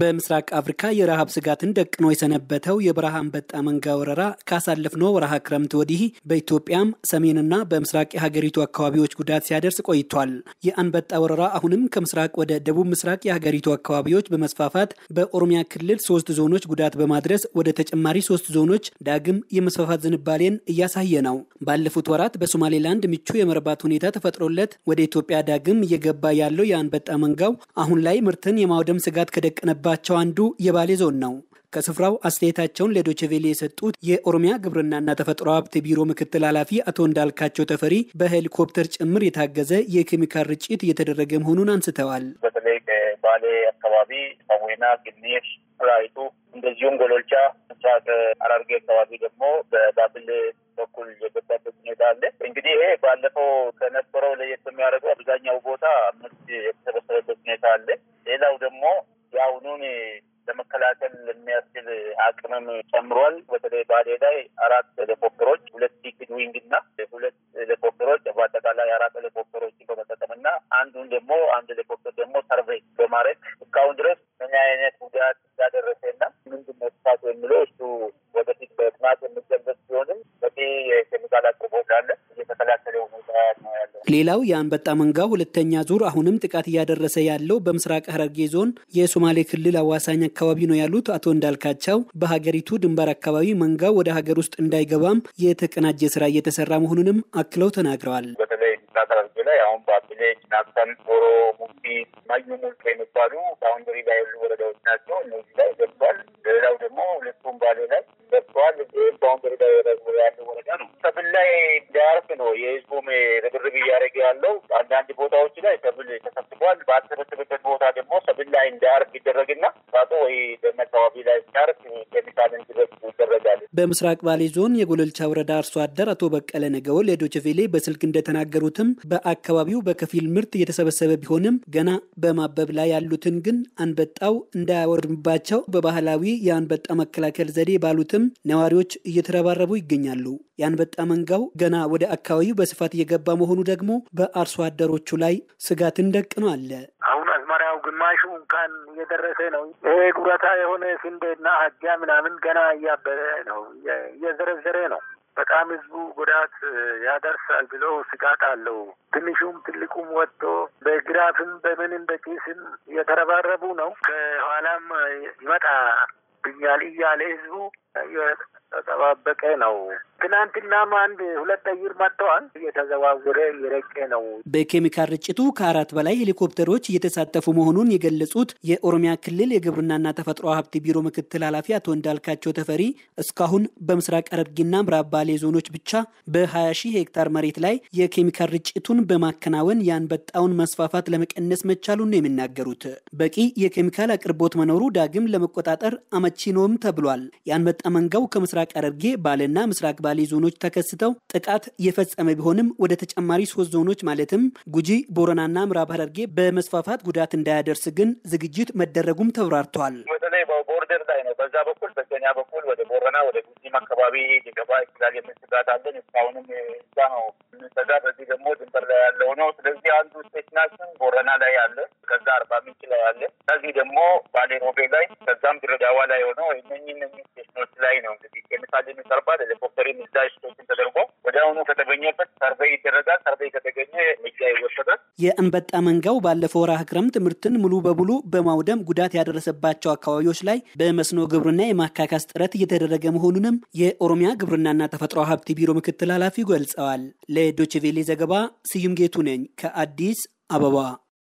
በምስራቅ አፍሪካ የረሃብ ስጋትን ደቅኖ የሰነበተው የበረሃ አንበጣ መንጋ ወረራ ካሳለፍነው ወረሃ ክረምት ወዲህ በኢትዮጵያም ሰሜንና በምስራቅ የሀገሪቱ አካባቢዎች ጉዳት ሲያደርስ ቆይቷል። የአንበጣ ወረራ አሁንም ከምስራቅ ወደ ደቡብ ምስራቅ የሀገሪቱ አካባቢዎች በመስፋፋት በኦሮሚያ ክልል ሶስት ዞኖች ጉዳት በማድረስ ወደ ተጨማሪ ሶስት ዞኖች ዳግም የመስፋፋት ዝንባሌን እያሳየ ነው። ባለፉት ወራት በሶማሌላንድ ምቹ የመርባት ሁኔታ ተፈጥሮለት ወደ ኢትዮጵያ ዳግም እየገባ ያለው የአንበጣ መንጋው አሁን ላይ ምርትን የማውደም ስጋት ከደቀነ ከሆነባቸው አንዱ የባሌ ዞን ነው። ከስፍራው አስተያየታቸውን ለዶችቬሌ የሰጡት የኦሮሚያ ግብርናና ተፈጥሮ ሀብት ቢሮ ምክትል ኃላፊ አቶ እንዳልካቸው ተፈሪ በሄሊኮፕተር ጭምር የታገዘ የኬሚካል ርጭት እየተደረገ መሆኑን አንስተዋል። በተለይ ከባሌ አካባቢ ሰዌና፣ ግኒር፣ ራይቱ እንደዚሁም ጎሎልቻ፣ ምስራቅ ሐረርጌ አካባቢ ደግሞ በባብል በኩል የገባበት ሁኔታ አለ። እንግዲህ ይሄ ባለፈው ከነበረው ለየት የሚያደርገው አብዛኛው ቦታ ምርት የተሰበሰበበት ሁኔታ አለ። ሌላው ደግሞ የአሁኑን ለመከላከል የሚያስችል አቅምም ጨምሯል። በተለይ ባሌ ላይ አራት ሄሊኮፕተሮች፣ ሁለት ፒክድ ዊንግ እና ሁለት ሄሊኮፕተሮች በአጠቃላይ አራት ሄሊኮፕተሮችን በመጠቀምና አንዱን ደግሞ አንድ ሄሊኮፕተር ደግሞ ሰርቬይ ሌላው የአንበጣ መንጋ ሁለተኛ ዙር አሁንም ጥቃት እያደረሰ ያለው በምስራቅ ሐረርጌ ዞን የሶማሌ ክልል አዋሳኝ አካባቢ ነው ያሉት አቶ እንዳልካቸው በሀገሪቱ ድንበር አካባቢ መንጋው ወደ ሀገር ውስጥ እንዳይገባም የተቀናጀ ስራ እየተሰራ መሆኑንም አክለው ተናግረዋል። በተለይ ላይ አሁን አዩ ሙልካ የሚባሉ ባውንደሪ ላይ ያሉ ወረዳዎች ናቸው። እነዚህ ላይ ገብቷል። ሌላው ደግሞ ሁለቱም ባሌ ላይ ገብተዋል። ባውንደሪ ላይ ያለ ወረዳ ነው። ሰብል ላይ እንዳያርፍ ነው የህዝቡም ርብርብ እያደረገ ያለው። አንዳንድ ቦታዎች ላይ ሰብል ተሰብስቧል። በአልተሰበሰበበት ቦታ ደግሞ ሰብል ላይ እንዳያርፍ ይደረግና ሳጦ ወይ ደን አካባቢ ላይ ሲያርፍ ኬሚካል እንዲበ በምስራቅ ባሌ ዞን የጎለልቻ ወረዳ አርሶ አደር አቶ በቀለ ነገው ለዶችቬሌ በስልክ እንደተናገሩትም በአካባቢው በከፊል ምርት እየተሰበሰበ ቢሆንም ገና በማበብ ላይ ያሉትን ግን አንበጣው እንዳያወድምባቸው በባህላዊ የአንበጣ መከላከል ዘዴ ባሉትም ነዋሪዎች እየተረባረቡ ይገኛሉ። የአንበጣ መንጋው ገና ወደ አካባቢው በስፋት እየገባ መሆኑ ደግሞ በአርሶ አደሮቹ ላይ ስጋትን ደቅኖ አለ። መጀመሪያው ግማሹ እንኳን እየደረሰ ነው። ይሄ ጉረታ የሆነ ስንዴና አጃ ምናምን ገና እያበበ ነው፣ እየዘረዘረ ነው። በጣም ህዝቡ ጉዳት ያደርሳል ብሎ ስጋት አለው። ትንሹም ትልቁም ወጥቶ በግራፍም በምንም በኪስም እየተረባረቡ ነው። ከኋላም ይመጣ ብኛል እያለ ህዝቡ እየተጠባበቀ ነው። ትናንትናም አንድ ሁለት አየር መጥተዋል። እየተዘዋወረ እየረጨ ነው። በኬሚካል ርጭቱ ከአራት በላይ ሄሊኮፕተሮች እየተሳተፉ መሆኑን የገለጹት የኦሮሚያ ክልል የግብርናና ተፈጥሮ ሀብት ቢሮ ምክትል ኃላፊ አቶ እንዳልካቸው ተፈሪ እስካሁን በምስራቅ ሐረርጌና ምዕራብ ባሌ ዞኖች ብቻ በ20 ሺህ ሄክታር መሬት ላይ የኬሚካል ርጭቱን በማከናወን የአንበጣውን መስፋፋት ለመቀነስ መቻሉን ነው የሚናገሩት። በቂ የኬሚካል አቅርቦት መኖሩ ዳግም ለመቆጣጠር አመቺ ነውም ተብሏል። የአንበጣ መንጋው ከምስራቅ ሐረርጌ ባሌና ምስራቅ ባሌ ዞኖች ተከስተው ጥቃት የፈጸመ ቢሆንም ወደ ተጨማሪ ሶስት ዞኖች ማለትም ጉጂ፣ ቦረናና ምዕራብ ሐረርጌ በመስፋፋት ጉዳት እንዳያደርስ ግን ዝግጅት መደረጉም ተብራርተዋል። በተለይ ላይ ነው። በዛ በኩል በኛ በኩል ወደ ቦረና ወደ ጉጂም አካባቢ ሊገባ ይችላል የሚል ስጋት አለን። እስካሁንም እዛ ነው በዚህ ደግሞ ድንበር ላይ ያለው ነው። ስለዚህ አንዱ ስቴሽናችን ቦረና ላይ አለ፣ ከዛ አርባ ምንጭ ላይ አለ፣ ከዚህ ደግሞ ባሌ ሮቤ ላይ ከዛም ድሬዳዋ ላይ ሆነው እነኚህ ስቴሽኖች ላይ ነው እንግዲህ ኬሚካል የሚቀርባል ሄሊኮፕ ነገር እርምጃ ስቶችን ተደርጎ ወዲያውኑ ከተገኘበት ሰርቬይ ይደረጋል። ሰርቬይ ከተገኘ እርምጃ ይወሰዳል። የእንበጣ መንጋው ባለፈው ወርሃ ክረምት ምርትን ሙሉ በሙሉ በማውደም ጉዳት ያደረሰባቸው አካባቢዎች ላይ በመስኖ ግብርና የማካካስ ጥረት እየተደረገ መሆኑንም የኦሮሚያ ግብርናና ተፈጥሮ ሀብት ቢሮ ምክትል ኃላፊ ገልጸዋል። ለዶችቬሌ ዘገባ ስዩም ጌቱ ነኝ ከአዲስ አበባ